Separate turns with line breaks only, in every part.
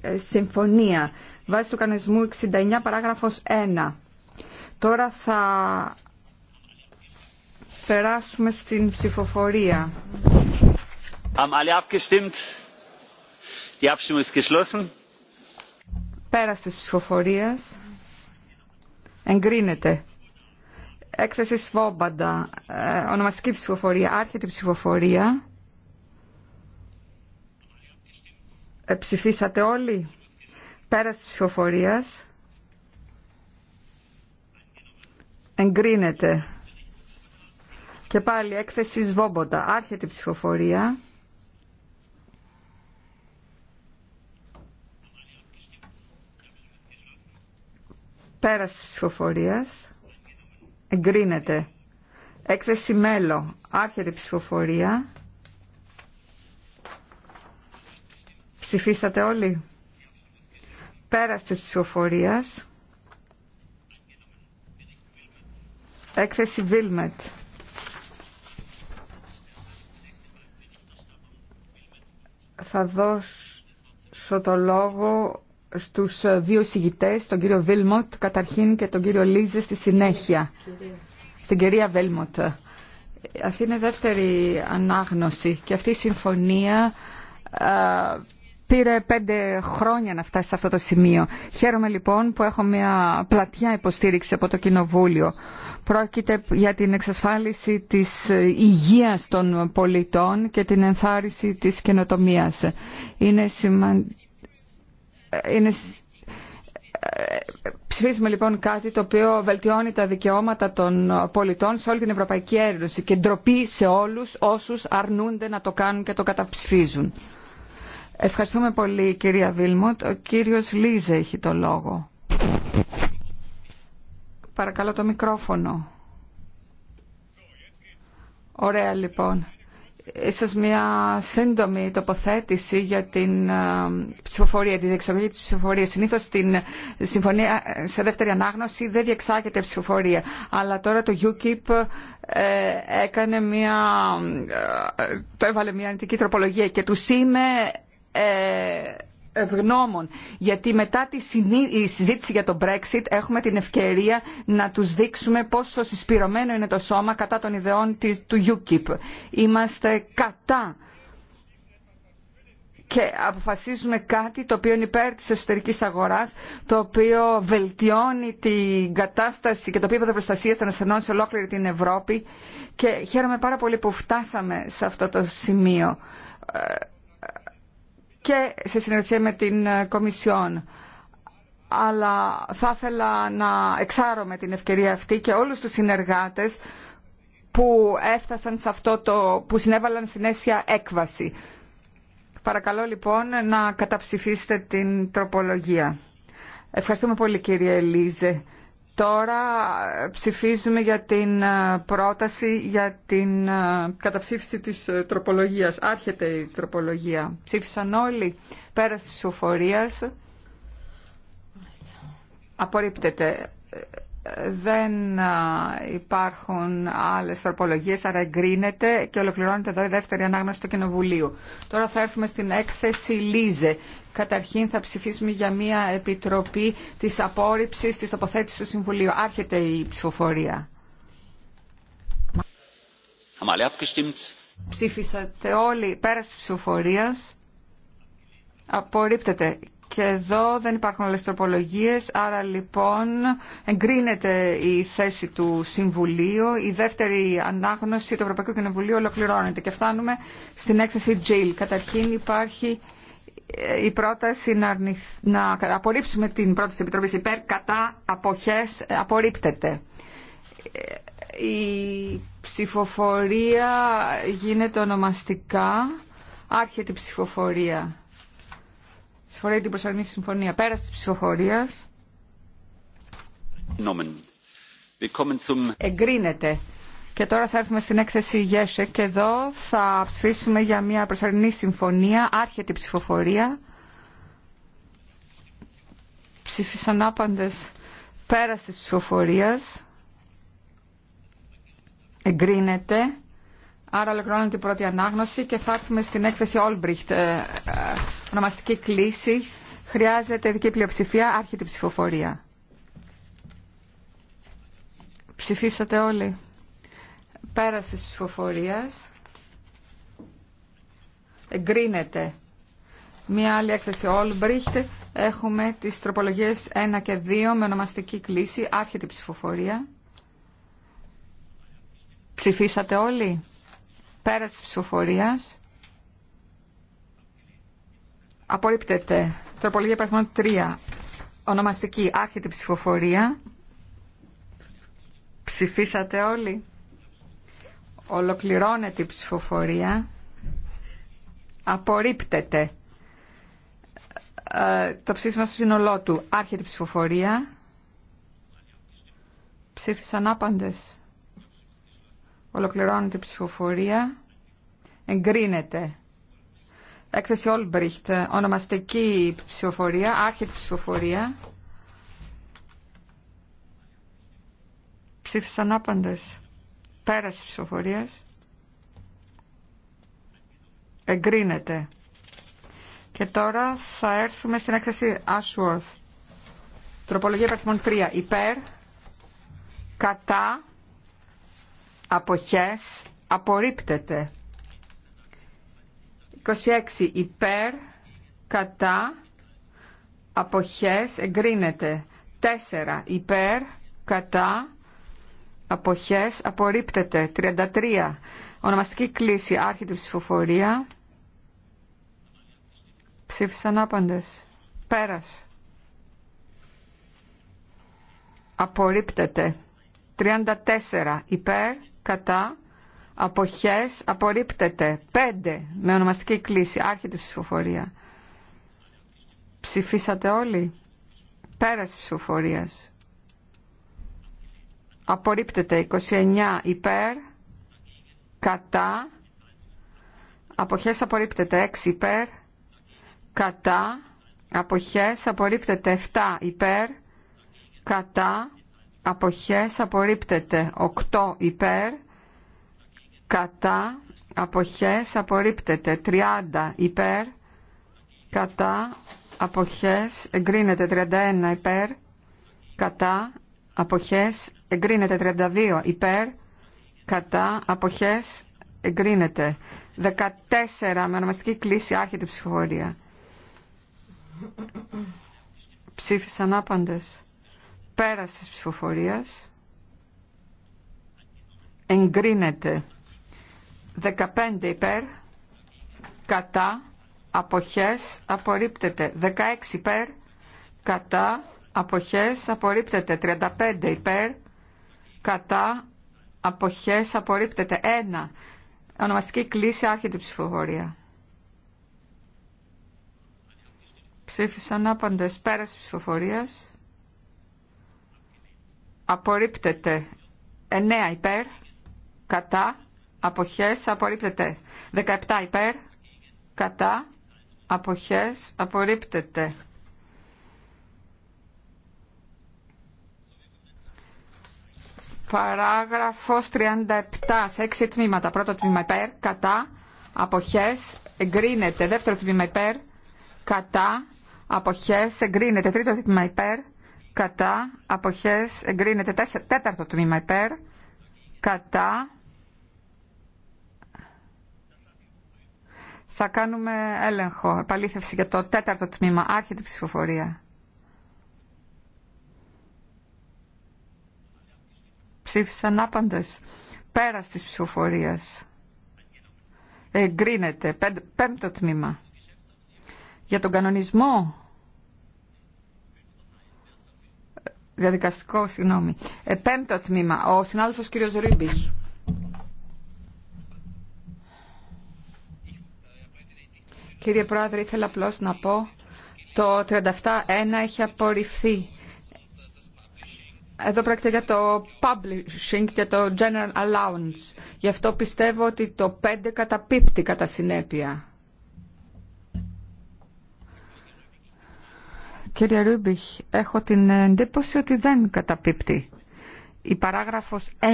Ε, συμφωνία Βάση του κανονισμού 69 παράγραφος 1. Τώρα θα περάσουμε στην ψηφοφορία. Haben alle abgestimmt? Die Abstimmung ist geschlossen. Πέρας της ψηφοφορίας εγκρίνεται. Έκθεση Σβόμπαντα, ε, ονομαστική ψηφοφορία, άρχεται η ψηφοφορία. Ψηφίσατε όλοι. Πέρας της ψηφοφορίας. Εγκρίνεται. Και πάλι έκθεση σβόμποντα. Άρχεται η ψηφοφορία. Πέρας της ψηφοφορίας. Εγκρίνεται. Έκθεση Μέλο. Άρχεται η ψηφοφορία. Ψηφίσατε όλοι. Πέρασε τη ψηφοφορία. Έκθεση Βίλμετ. Θα δώσω το λόγο στους δύο συγητές, τον κύριο Βίλμοτ καταρχήν και τον κύριο Λίζε στη συνέχεια. Στην κυρία Βίλμοτ. Αυτή είναι δεύτερη ανάγνωση και αυτή η συμφωνία Πήρε πέντε χρόνια να φτάσει σε αυτό το σημείο. Χαίρομαι λοιπόν που έχω μια πλατιά υποστήριξη από το Κοινοβούλιο. Πρόκειται για την εξασφάλιση της υγείας των πολιτών και την ενθάρρυνση της καινοτομίας. Είναι σημαντικό. Είναι... Ψηφίσουμε λοιπόν κάτι το οποίο βελτιώνει τα δικαιώματα των πολιτών σε όλη την Ευρωπαϊκή Ένωση και ντροπή σε όλους όσους αρνούνται να το κάνουν και το καταψηφίζουν. Ευχαριστούμε πολύ κυρία Βίλμοντ. Ο κύριος Λίζε έχει το λόγο. Παρακαλώ το μικρόφωνο. Ωραία λοιπόν. Ίσως μια σύντομη τοποθέτηση για την ε, ψηφοφορία, τη διεξαγωγή της ψηφοφορίας. Συνήθως στην συμφωνία σε δεύτερη ανάγνωση δεν διεξάγεται ψηφοφορία. Αλλά τώρα το UKIP ε, έκανε μια, ε, το έβαλε μια αρνητική τροπολογία και του είμαι ε, ευγνώμων γιατί μετά τη συζήτηση για το Brexit έχουμε την ευκαιρία να τους δείξουμε πόσο συσπηρωμένο είναι το σώμα κατά των ιδεών του UKIP. Είμαστε κατά και αποφασίζουμε κάτι το οποίο είναι υπέρ της εσωτερικής αγοράς, το οποίο βελτιώνει την κατάσταση και το πίπεδο προστασία των ασθενών σε ολόκληρη την Ευρώπη και χαίρομαι πάρα πολύ που φτάσαμε σε αυτό το σημείο. Ε, και σε συνεργασία με την ε, Κομισιόν. Αλλά θα ήθελα να εξάρω με την ευκαιρία αυτή και όλους τους συνεργάτες που έφτασαν σε αυτό το, που συνέβαλαν στην αίσια έκβαση. Παρακαλώ λοιπόν να καταψηφίσετε την τροπολογία. Ευχαριστούμε πολύ κύριε Ελίζε. Τώρα ψηφίζουμε για την ε, πρόταση για την ε, καταψήφιση της ε, τροπολογίας. Άρχεται η τροπολογία. Ψήφισαν όλοι πέρα της ψηφοφορίας. Απορρίπτεται. Δεν υπάρχουν άλλες τροπολογίες, άρα εγκρίνεται και ολοκληρώνεται εδώ η δεύτερη ανάγνωση του Κοινοβουλίου. Τώρα θα έρθουμε στην έκθεση Λίζε Καταρχήν θα ψηφίσουμε για μια επιτροπή της απόρριψης της τοποθέτησης του Συμβουλίου. Άρχεται η ψηφοφορία. Ψήφισατε όλοι πέρα της ψηφοφορίας. Απορρίπτεται. Και εδώ δεν υπάρχουν άλλες τροπολογίες, άρα λοιπόν εγκρίνεται η θέση του Συμβουλίου. Η δεύτερη ανάγνωση του Ευρωπαϊκού Κοινοβουλίου ολοκληρώνεται. Και φτάνουμε στην έκθεση Jill. Καταρχήν υπάρχει ε, η πρόταση να, αρνηθ, να απορρίψουμε την πρόταση της Επιτροπής υπέρ κατά αποχές ε, απορρίπτεται. Ε, η ψηφοφορία γίνεται ονομαστικά. Άρχεται η ψηφοφορία. Συμφωνία την προσωρινή συμφωνία. Πέρας της ψηφοφορίας. Εγκρίνεται. Και τώρα θα έρθουμε στην έκθεση Γέσε και εδώ θα ψηφίσουμε για μια προσωρινή συμφωνία, άρχεται η ψηφοφορία. Ψήφισαν άπαντες πέρας της ψηφοφορίας. Εγκρίνεται. Άρα ολοκληρώνεται την πρώτη ανάγνωση και θα έρθουμε στην έκθεση Όλμπριχτ. Ε, ε, ονομαστική κλίση. Χρειάζεται ειδική πλειοψηφία, άρχεται η ψηφοφορία. Ψηφίσατε όλοι. Πέρας της ψηφοφορίας εγκρίνεται μία άλλη έκθεση Olbricht. Έχουμε τις τροπολογίες 1 και 2 με ονομαστική κλίση. Άρχεται η ψηφοφορία. Ψηφίσατε όλοι. Πέρα της ψηφοφορίας. Απορρίπτεται. Τροπολογία 3. Ονομαστική. Άρχεται η ψηφοφορία. Ψηφίσατε όλοι. Ολοκληρώνεται η ψηφοφορία. Απορρίπτεται ε, το ψήφισμα στο σύνολό του. Άρχεται η ψηφοφορία. Ψήφισαν άπαντες. Ολοκληρώνεται η ψηφοφορία. Εγκρίνεται. Έκθεση Όλμπριχτ. Ονομαστική ψηφοφορία. Άρχεται η ψηφοφορία. Ψήφισαν άπαντες. Πέρας ψηφοφορίας. Εγκρίνεται. Και τώρα θα έρθουμε στην έκθεση Ashworth. Τροπολογία υπαριθμών 3. Υπέρ, κατά, αποχές, απορρίπτεται. 26. Υπέρ, κατά, αποχές, εγκρίνεται. 4. Υπέρ, κατά, αποχές απορρίπτεται 33 ονομαστική κλίση άρχιτη ψηφοφορία ψήφισαν άπαντες πέρας απορρίπτεται 34 υπέρ κατά αποχές απορρίπτεται 5 με ονομαστική κλίση άρχιτη ψηφοφορία ψηφίσατε όλοι πέρας ψηφοφορίας απορρίπτεται 29 υπέρ κατά αποχές απορρίπτεται 6 υπέρ κατά αποχές απορρίπτεται 7 υπέρ κατά αποχές απορρίπτεται 8 υπέρ κατά αποχές απορρίπτεται 30 υπέρ κατά αποχές εγκρίνεται 31 υπέρ κατά αποχές εγκρίνεται 32 υπέρ, κατά, αποχές, εγκρίνεται 14 με ονομαστική κλίση άρχεται ψηφοφορία. Ψήφισαν άπαντες πέρας της ψηφοφορίας εγκρίνεται 15 υπέρ, κατά, αποχές, απορρίπτεται 16 υπέρ, κατά, αποχές, απορρίπτεται 35 υπέρ, κατά αποχές απορρίπτεται. Ένα. Ονομαστική κλίση άρχεται ψηφοφορία. Ψήφισαν άπαντες πέρας ψηφοφορίας. Απορρίπτεται. 9 υπέρ. Κατά. Αποχές. Απορρίπτεται. 17 υπέρ. Κατά. Αποχές. Απορρίπτεται. Παράγραφος 37 σε έξι τμήματα. Πρώτο τμήμα υπέρ, κατά, αποχές, εγκρίνεται. Δεύτερο τμήμα υπέρ, κατά, αποχές, εγκρίνεται. Τρίτο τμήμα υπέρ, κατά, αποχές, εγκρίνεται. Τέταρτο τμήμα υπέρ, κατά. Θα κάνουμε έλεγχο, επαλήθευση για το τέταρτο τμήμα. Άρχεται ψηφοφορία. Ψήφισαν άπαντες. Πέρα της ψηφοφορίας. Εγκρίνεται. Πέμπτο τμήμα. Για τον κανονισμό. Διαδικαστικό, συγγνώμη. Ε, πέμπτο τμήμα. Ο συνάδελφος κύριος Ρούμπιχ. Κύριε Πρόεδρε, ήθελα απλώς να πω το 37.1 έχει απορριφθεί. Εδώ πρόκειται για το publishing και το general allowance. Γι' αυτό πιστεύω ότι το 5 καταπίπτει κατά συνέπεια. Κύριε Ρούμπιχ, έχω την εντύπωση ότι δεν καταπίπτει. Η παράγραφος 1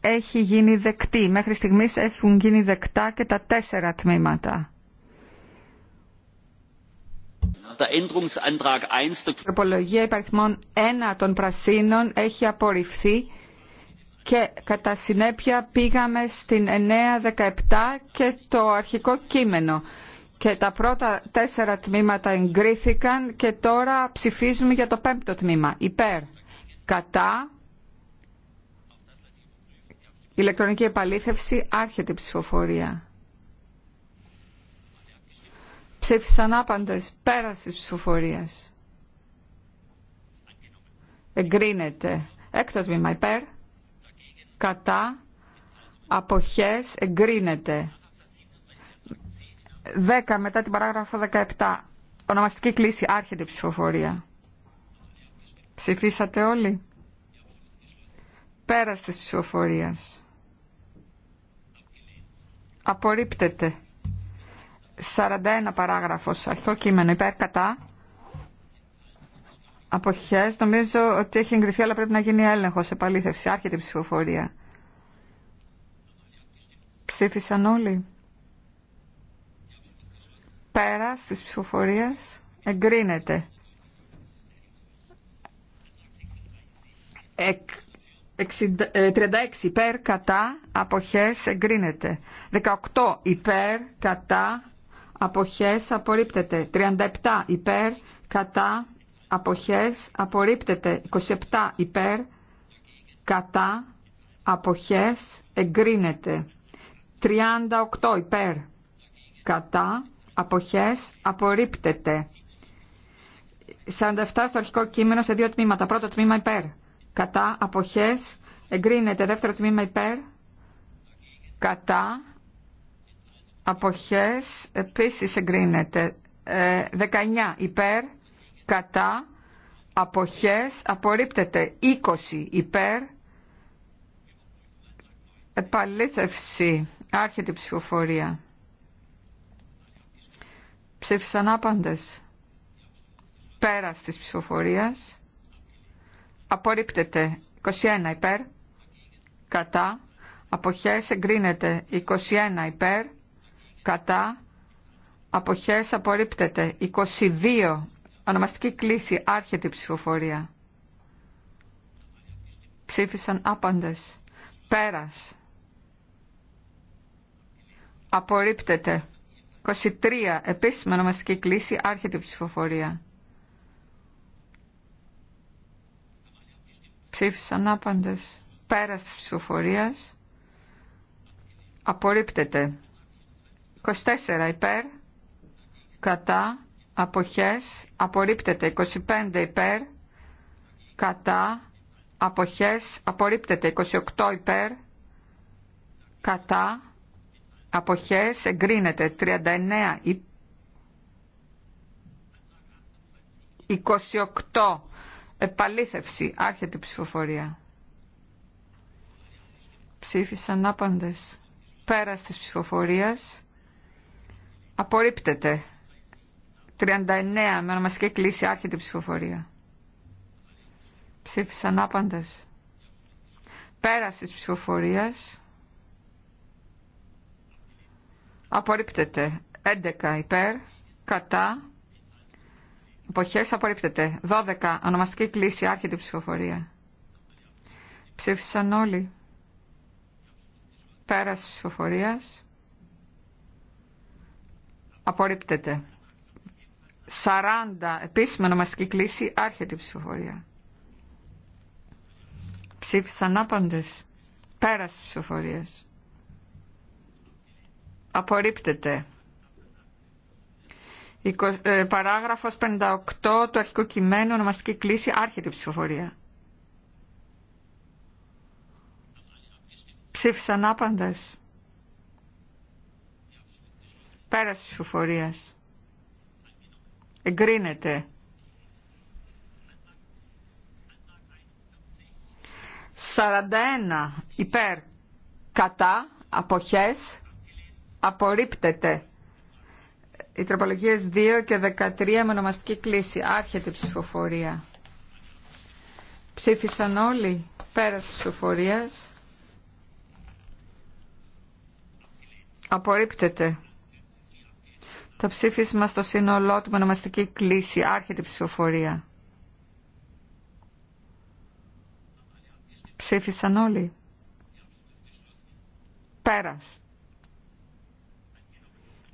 έχει γίνει δεκτή. Μέχρι στιγμής έχουν γίνει δεκτά και τα τέσσερα τμήματα. Η τροπολογία υπαριθμών 1 των Πρασίνων έχει απορριφθεί και κατά συνέπεια πήγαμε στην 9-17 και το αρχικό κείμενο. Και τα πρώτα τέσσερα τμήματα εγκρίθηκαν και τώρα ψηφίζουμε για το πέμπτο τμήμα. Υπέρ, κατά, ηλεκτρονική επαλήθευση, άρχεται η ψηφοφορία. Ψήφισαν άπαντες πέρας της ψηφοφορίας. Εγκρίνεται. Έκτο τμήμα υπέρ. Κατά. Αποχές. Εγκρίνεται. 10 μετά την παράγραφο 17. Ονομαστική κλίση. Άρχεται η ψηφοφορία. Ψηφίσατε όλοι. Πέρας της ψηφοφορίας. Απορρίπτεται. 41 παράγραφος, αρχικό κείμενο, υπέρ κατά. Αποχές, νομίζω ότι έχει εγκριθεί αλλά πρέπει να γίνει έλεγχος, επαλήθευση, άρχεται η ψηφοφορία. Ψήφισαν όλοι. Πέρα της ψηφοφορίας εγκρίνεται. Εκ, 36 ε, υπέρ κατά αποχές εγκρίνεται. 18 υπέρ κατά αποχές απορρίπτεται 37 υπέρ κατά αποχές απορρίπτεται 27 υπέρ κατά αποχές εγκρίνεται 38 υπέρ κατά αποχές απορρίπτεται 47 στο αρχικό κείμενο σε δύο τμήματα πρώτο τμήμα υπέρ κατά αποχές εγκρίνεται δεύτερο τμήμα υπέρ κατά αποχές επίσης εγκρίνεται 19 ε, υπέρ κατά αποχές απορρίπτεται 20 υπέρ επαλήθευση άρχεται η ψηφοφορία ψήφισαν άπαντες Πέρα της ψηφοφορίας απορρίπτεται 21 υπέρ κατά αποχές εγκρίνεται 21 υπέρ κατά αποχές απορρίπτεται 22 ονομαστική κλίση άρχεται η ψηφοφορία ψήφισαν άπαντες πέρας απορρίπτεται 23 επίσημα ονομαστική κλίση άρχεται η ψηφοφορία ψήφισαν άπαντες πέρας της ψηφοφορίας απορρίπτεται 24 υπέρ, κατά, αποχές, απορρίπτεται. 25 υπέρ, κατά, αποχές, απορρίπτεται. 28 υπέρ, κατά, αποχές, εγκρίνεται. 39 υπέρ. 28. Επαλήθευση. Άρχεται η ψηφοφορία. Ψήφισαν άπαντες. Πέρας της ψηφοφορίας. Απορρίπτεται. 39 με ονομαστική κλίση άρχεται η ψηφοφορία. Ψήφισαν άπαντες. Πέραση της ψηφοφορίας. Απορρίπτεται. 11 υπέρ. Κατά. Εποχέ απορρίπτεται. 12 ονομαστική κλίση άρχεται η ψηφοφορία. Ψήφισαν όλοι. Πέραση της ψηφοφορίας. Απορρίπτεται. 40. Επίσημα ονομαστική κλίση. Άρχεται η ψηφοφορία. Ψήφισαν άπαντες. Πέρας της ψηφοφορίας. Απορρίπτεται. Ε, παράγραφος 58 του αρχικού κειμένου ονομαστική κλίση. Άρχεται η ψηφοφορία. Ψήφισαν άπαντες. Πέραση της ψηφοφορίας. Εγκρίνεται. 41 υπέρ κατά αποχές απορρίπτεται. Οι τροπολογίες 2 και 13 με ονομαστική κλίση. Άρχεται η ψηφοφορία. Ψήφισαν όλοι πέραση ψηφοφορίας. Απορρίπτεται. Το ψήφισμα στο σύνολό του με ονομαστική κλίση. Άρχεται η ψηφοφορία. Ψήφισαν όλοι. Πέρας.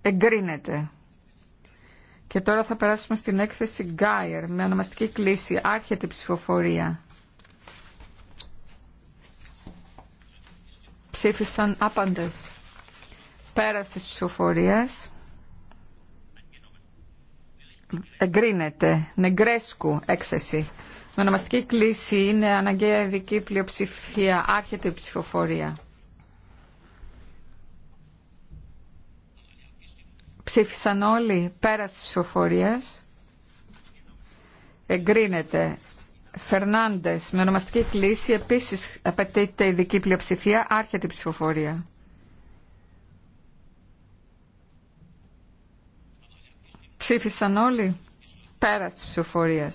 Εγκρίνεται. Και τώρα θα περάσουμε στην έκθεση Γκάιερ με ονομαστική κλίση. Άρχεται η ψηφοφορία. Ψήφισαν άπαντες. Πέρας της ψηφοφορίας εγκρίνεται. Νεγκρέσκου έκθεση. Με ονομαστική κλίση είναι αναγκαία ειδική πλειοψηφία. Άρχεται η ψηφοφορία. Ψήφισαν όλοι πέρα της ψηφοφορίας. Εγκρίνεται. Φερνάντες, με ονομαστική κλίση, επίσης απαιτείται ειδική πλειοψηφία, άρχεται η ψηφοφορία. Ψήφισαν όλοι. Πέρα τη ψηφοφορία.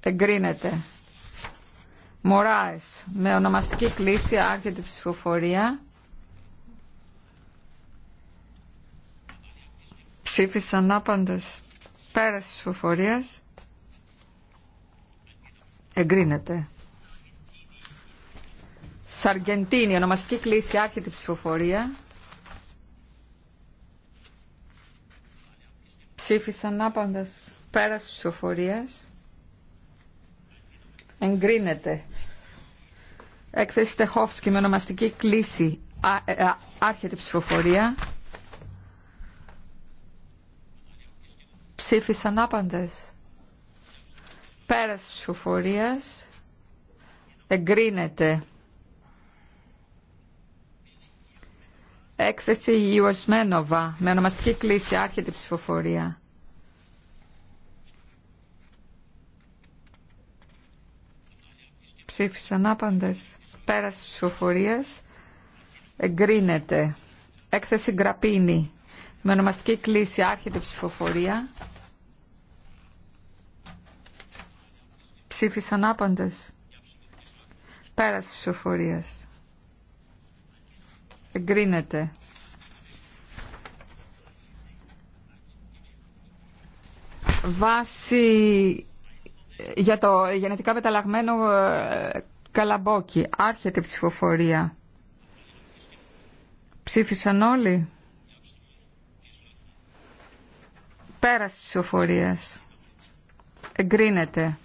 Εγκρίνεται. Μωράες. Με ονομαστική κλίση άρχεται η ψηφοφορία. Ψήφισαν άπαντες πέρας της ψηφοφορίας. Εγκρίνεται. Σαργεντίνη. Ονομαστική κλίση άρχεται η ψηφοφορία. Ψήφισαν άπαντας πέρας της ψηφοφορίας. Εγκρίνεται. Έκθεση Τεχόφσκι με ονομαστική κλίση. Ε, άρχεται ψηφοφορία. Ψήφισαν άπαντες. Πέρας της Εγκρίνεται. έκθεση Ιωσμένοβα με ονομαστική κλίση άρχεται ψηφοφορία. Ψήφισαν άπαντες. Πέραση ψηφοφορίας εγκρίνεται. Έκθεση Γκραπίνη με ονομαστική κλίση άρχεται ψηφοφορία. Ψήφισαν άπαντες. Πέραση ψηφοφορίας εγκρίνεται. Βάση για το γενετικά μεταλλαγμένο ε, καλαμπόκι. Άρχεται η ψηφοφορία. Ψήφισαν όλοι. Πέρας ψηφοφορίας. Εγκρίνεται.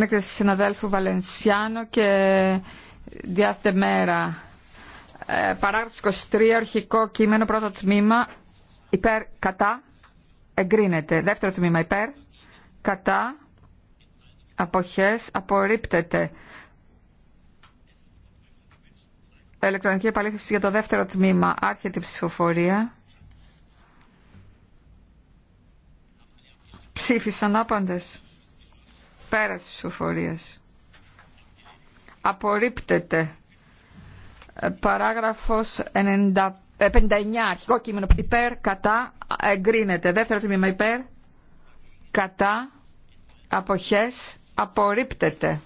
Είναι έκθεση συναδέλφου Βαλενσιάνο και Διάθετε μέρα. Ε, παράγραφος 23, αρχικό κείμενο, πρώτο τμήμα, υπέρ, κατά, εγκρίνεται. Δεύτερο τμήμα, υπέρ, κατά, αποχές, απορρίπτεται. Ελεκτρονική επαλήθευση για το δεύτερο τμήμα, άρχεται η ψηφοφορία. Ψήφισαν άπαντες. Πέρα τη ψηφοφορία. Απορρίπτεται. Ε, παράγραφος 59. Ε, αρχικό κείμενο. Υπέρ, κατά, εγκρίνεται. Δεύτερο τμήμα υπέρ, κατά, αποχές, απορρίπτεται.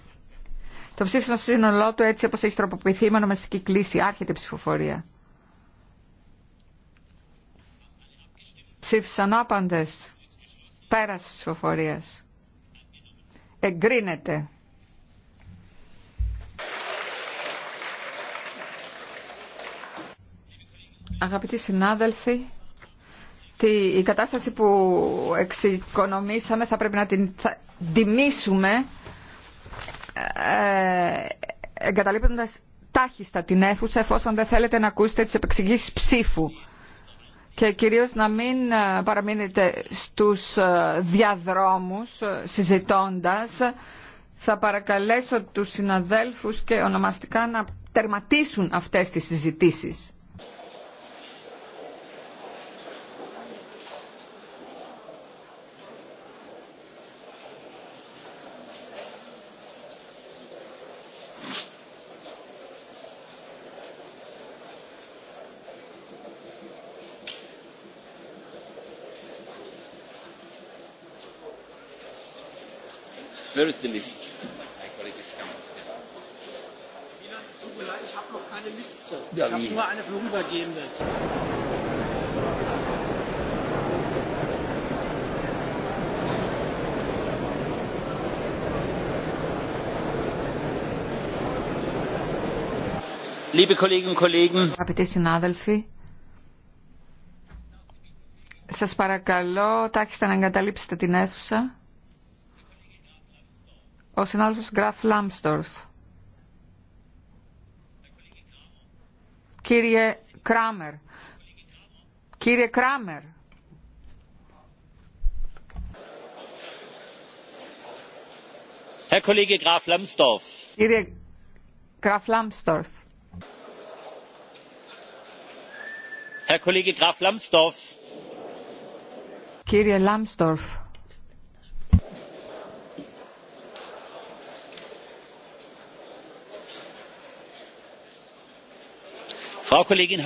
Το ψήφισμα στο σύνολό του έτσι όπως έχει τροποποιηθεί με ονομαστική κλίση. Άρχεται η ψηφοφορία. Ψήφισαν άπαντες. Πέρας της ψηφοφορίας εγκρίνεται. Αγαπητοί συνάδελφοι, η κατάσταση που εξοικονομήσαμε θα πρέπει να την τιμήσουμε ε, τάχιστα την αίθουσα εφόσον δεν θέλετε να ακούσετε τις επεξηγήσεις ψήφου και κυρίως να μην ε, παραμείνετε στους ε, διαδρόμους ε, συζητώντας. Θα παρακαλέσω τους συναδέλφους και ονομαστικά να τερματίσουν αυτές τις συζητήσεις. Where is the list? Ich habe noch keine Liste. Ich habe nur eine vorübergehende. Liebe Kolleginnen und Kollegen, σας παρακαλώ να εγκαταλείψετε την αίθουσα. Ο συνάδελφος Γκραφ Λάμστορφ. Κύριε Κράμερ. Κύριε Κράμερ. Herr Kollege Graf Lambsdorff. Kollege Graf Lambsdorff. Herr Kollege Graf Lambsdorff. Kollege Lambsdorff. frau kollegin